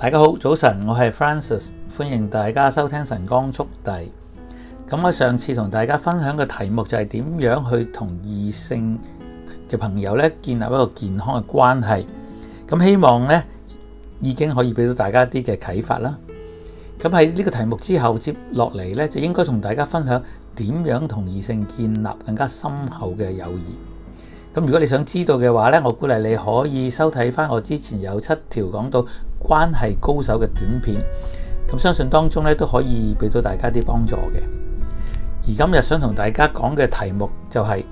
大家好，早晨，我係 Francis，歡迎大家收聽晨光速遞。咁我上次同大家分享嘅題目就係點樣去同異性嘅朋友咧建立一個健康嘅關係。咁希望咧已經可以俾到大家一啲嘅啟發啦。咁喺呢個題目之後接落嚟，咧就應該同大家分享點樣同異性建立更加深厚嘅友誼。咁如果你想知道嘅話咧，我鼓勵你可以收睇翻，我之前有七條講到。關係高手嘅短片，咁相信當中咧都可以俾到大家啲幫助嘅。而今日想同大家講嘅題目就係、是、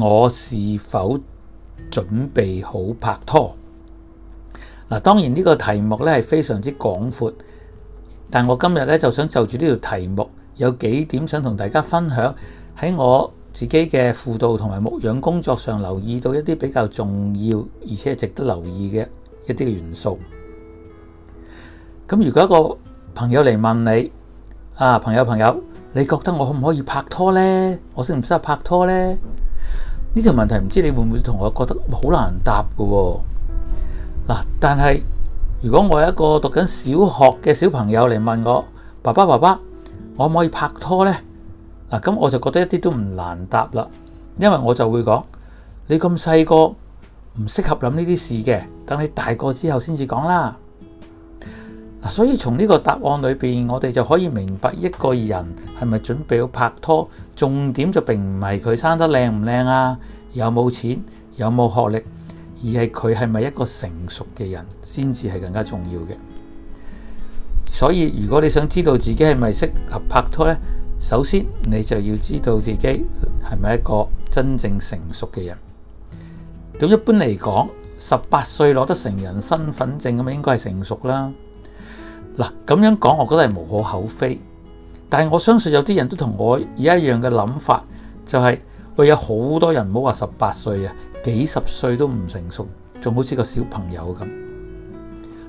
我是否準備好拍拖嗱。當然呢個題目咧係非常之廣闊，但我今日咧就想就住呢條題目有幾點想同大家分享。喺我自己嘅輔導同埋牧養工作上留意到一啲比較重要而且值得留意嘅一啲嘅元素。咁如果一個朋友嚟問你，啊朋友朋友，你覺得我可唔可以拍拖呢？我適唔適合拍拖呢？呢條問題唔知你會唔會同我覺得好難答噶哦？嗱，啊，但係如果我有一個讀緊小學嘅小朋友嚟問我，爸爸爸爸，我可唔可以拍拖呢？啊嗱，咁我就覺得一啲都唔難答啦，因為我就會講，你咁細個唔適合諗呢啲事嘅，等你大個之後先至講啦。所以從呢個答案裏邊，我哋就可以明白一個人係咪準備要拍拖，重點就並唔係佢生得靚唔靚啊，有冇錢，有冇學歷，而係佢係咪一個成熟嘅人，先至係更加重要嘅。所以如果你想知道自己係咪適合拍拖呢，首先你就要知道自己係咪一個真正成熟嘅人。咁一般嚟講，十八歲攞得成人身份證咁，應該係成熟啦。嗱，咁樣講，我覺得係無可厚非。但係我相信有啲人都同我而一樣嘅諗法，就係、係、我有好多人唔好話十八歲啊，幾十歲都唔成熟，仲好似個小朋友咁。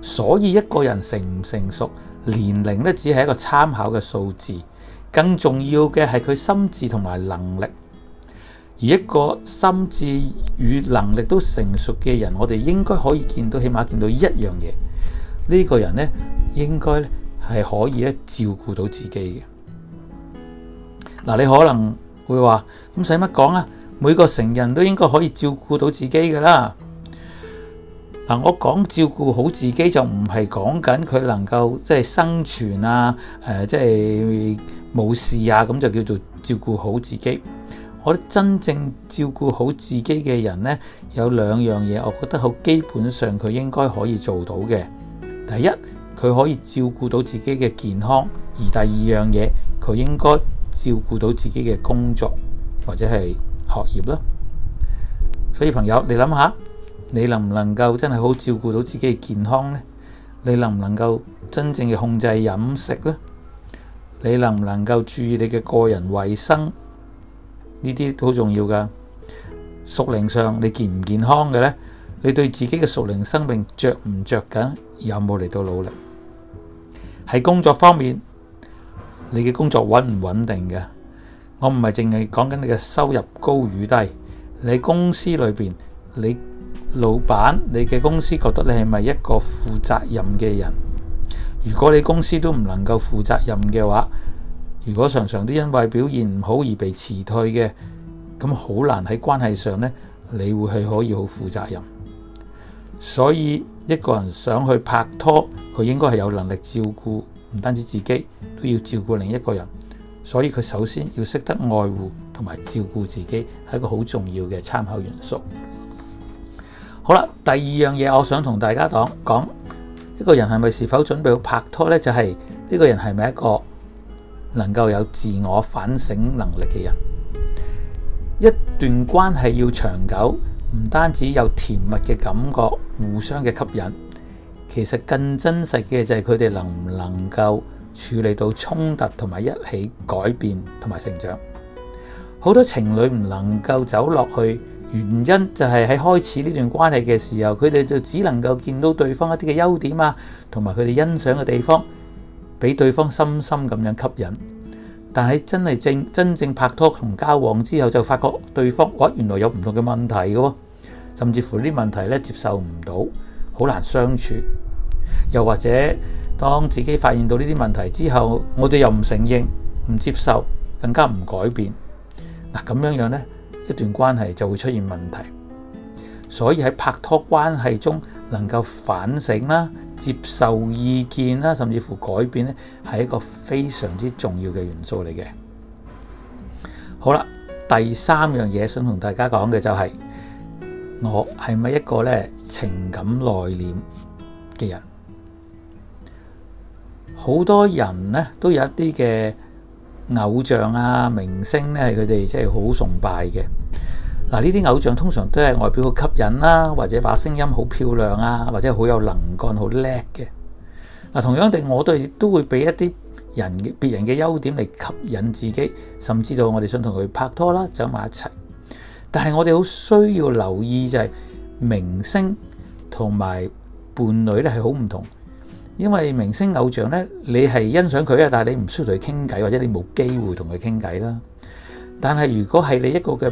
所以一個人成唔成熟，年齡咧只係一個參考嘅數字，更重要嘅係佢心智同埋能力。而一個心智與能力都成熟嘅人，我哋應該可以見到，起碼見到一樣嘢，呢、呢個人呢。應該咧係可以咧照顧到自己嘅。嗱，你可能會話：咁使乜講啊？每個成人都應該可以照顧到自己噶啦。嗱，我講照顧好自己就唔係講緊佢能夠即係生存啊，誒、呃，即係冇事啊，咁就叫做照顧好自己。我真正照顧好自己嘅人咧，有兩樣嘢，我覺得好基本上佢應該可以做到嘅。第一。佢可以照顧到自己嘅健康，而第二樣嘢佢應該照顧到自己嘅工作或者係學業咯。所以朋友，你諗下，你能唔能夠真係好照顧到自己嘅健康呢？你能唔能夠真正嘅控制飲食呢？你能唔能夠注意你嘅個人衞生呢啲都好重要噶。屬靈上你健唔健康嘅呢？你對自己嘅屬靈生命着唔着緊？有冇嚟到努力？喺工作方面，你嘅工作穩唔穩定嘅？我唔係淨係講緊你嘅收入高與低，你公司裏邊，你老闆，你嘅公司覺得你係咪一個負責任嘅人？如果你公司都唔能夠負責任嘅話，如果常常都因為表現唔好而被辭退嘅，咁好難喺關係上咧，你會去可以好負責任。所以。一個人想去拍拖，佢應該係有能力照顧唔單止自己，都要照顧另一個人。所以佢首先要識得愛護同埋照顧自己，係一個好重要嘅參考元素。好啦，第二樣嘢，我想同大家講，講一個人係咪是，是否準備要拍拖呢？就係、是、呢、這個人係咪一個能夠有自我反省能力嘅人？一段關係要長久，唔單止有甜蜜嘅感覺。互相嘅吸引，其實更真實嘅就係佢哋能唔能夠處理到衝突同埋一起改變同埋成長。好多情侶唔能夠走落去，原因就係喺開始呢段關係嘅時候，佢哋就只能夠見到對方一啲嘅優點啊，同埋佢哋欣賞嘅地方，俾對方深深咁樣吸引。但係真係正真正拍拖同交往之後，就發覺對方，哇、哦，原來有唔同嘅問題嘅、哦。甚至乎呢啲問題咧接受唔到，好難相處。又或者當自己發現到呢啲問題之後，我哋又唔承認、唔接受，更加唔改變。嗱，咁樣樣呢，一段關係就會出現問題。所以喺拍拖關係中，能夠反省啦、接受意見啦，甚至乎改變呢，係一個非常之重要嘅元素嚟嘅。好啦，第三樣嘢想同大家講嘅就係。我係咪一個咧情感內斂嘅人？好多人呢，都有一啲嘅偶像啊、明星呢，佢哋即係好崇拜嘅。嗱，呢啲偶像通常都係外表好吸引啦，或者把聲音好漂亮啊，或者好有能幹、好叻嘅。嗱，同樣地，我哋都會俾一啲人、別人嘅優點嚟吸引自己，甚至到我哋想同佢拍拖啦、走埋一齊。但係我哋好需要留意就係明星同埋伴侶咧係好唔同，因為明星偶像咧你係欣賞佢啊，但係你唔需要同佢傾偈，或者你冇機會同佢傾偈啦。但係如果係你一個嘅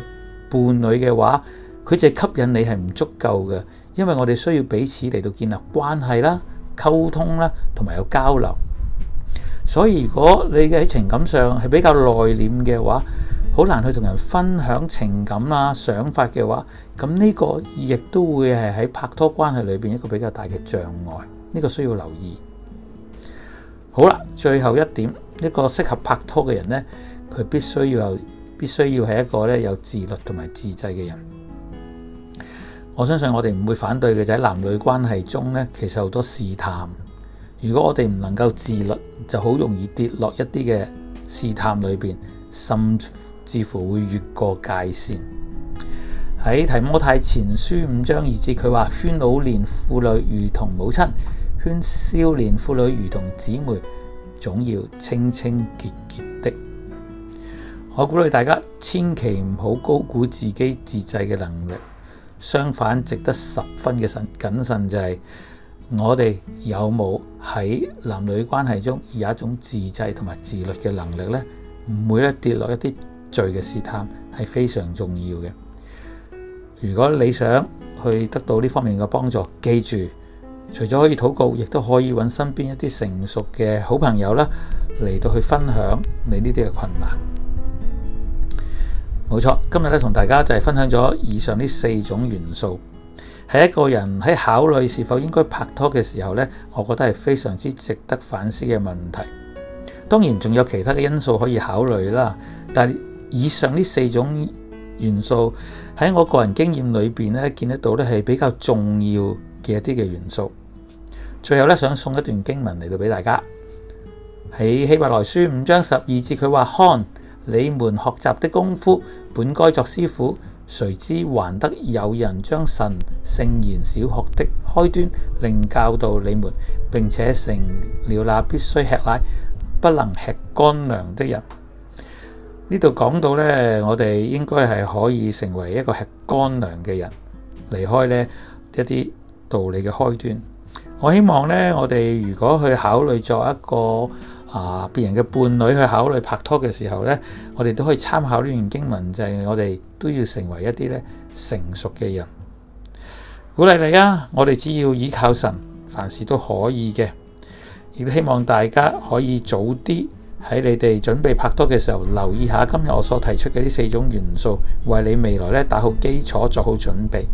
伴侶嘅話，佢淨係吸引你係唔足夠嘅，因為我哋需要彼此嚟到建立關係啦、溝通啦，同埋有交流。所以如果你嘅喺情感上係比較內斂嘅話，好難去同人分享情感啊、想法嘅話，咁呢個亦都會係喺拍拖關係裏面一個比較大嘅障礙，呢個需要留意。好啦，最後一點，一個適合拍拖嘅人呢，佢必須要有必須要係一個呢有自律同埋自制嘅人。我相信我哋唔會反對嘅，就喺男女關係中呢，其實好多試探。如果我哋唔能夠自律，就好容易跌落一啲嘅試探裏面。甚。似乎會越過界線。喺《提摩太前書》五章二節佢話：勸老年婦女如同母親，勸少年婦女如同姊妹，總要清清潔潔的。我鼓勵大家千祈唔好高估自己自制嘅能力。相反，值得十分嘅慎謹慎就係、是、我哋有冇喺男女關係中有一種自制同埋自律嘅能力呢？唔會跌一跌落一啲。罪嘅試探係非常重要嘅。如果你想去得到呢方面嘅幫助，記住除咗可以禱告，亦都可以揾身邊一啲成熟嘅好朋友啦，嚟到去分享你呢啲嘅困難。冇錯，今日咧同大家就係分享咗以上呢四種元素，係一個人喺考慮是否應該拍拖嘅時候呢，我覺得係非常之值得反思嘅問題。當然仲有其他嘅因素可以考慮啦，但係。以上呢四種元素喺我個人經驗裏邊咧，見得到咧係比較重要嘅一啲嘅元素。最後咧，想送一段經文嚟到俾大家。喺希伯來書五章十二節，佢話：看你們學習的功夫本該作師傅，誰知還得有人將神聖言小學的開端，另教導你們，並且成了那必須吃奶不能吃乾糧的人。呢度講到呢，我哋應該係可以成為一個吃乾糧嘅人，離開呢一啲道理嘅開端。我希望呢，我哋如果去考慮作為一個啊別、呃、人嘅伴侶去考慮拍拖嘅時候呢，我哋都可以參考呢段經文，就係、是、我哋都要成為一啲咧成熟嘅人。鼓勵大家啊，我哋只要依靠神，凡事都可以嘅。亦都希望大家可以早啲。喺你哋準備拍拖嘅時候，留意下今日我所提出嘅呢四種元素，為你未來咧打好基礎，做好準備。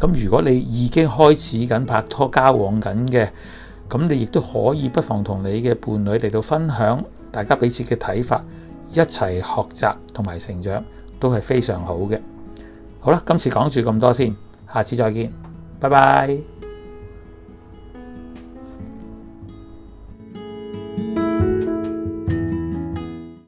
咁如果你已經開始緊拍拖交往緊嘅，咁你亦都可以不妨同你嘅伴侶嚟到分享，大家彼此嘅睇法，一齊學習同埋成長，都係非常好嘅。好啦，今次講住咁多先，下次再見，拜拜。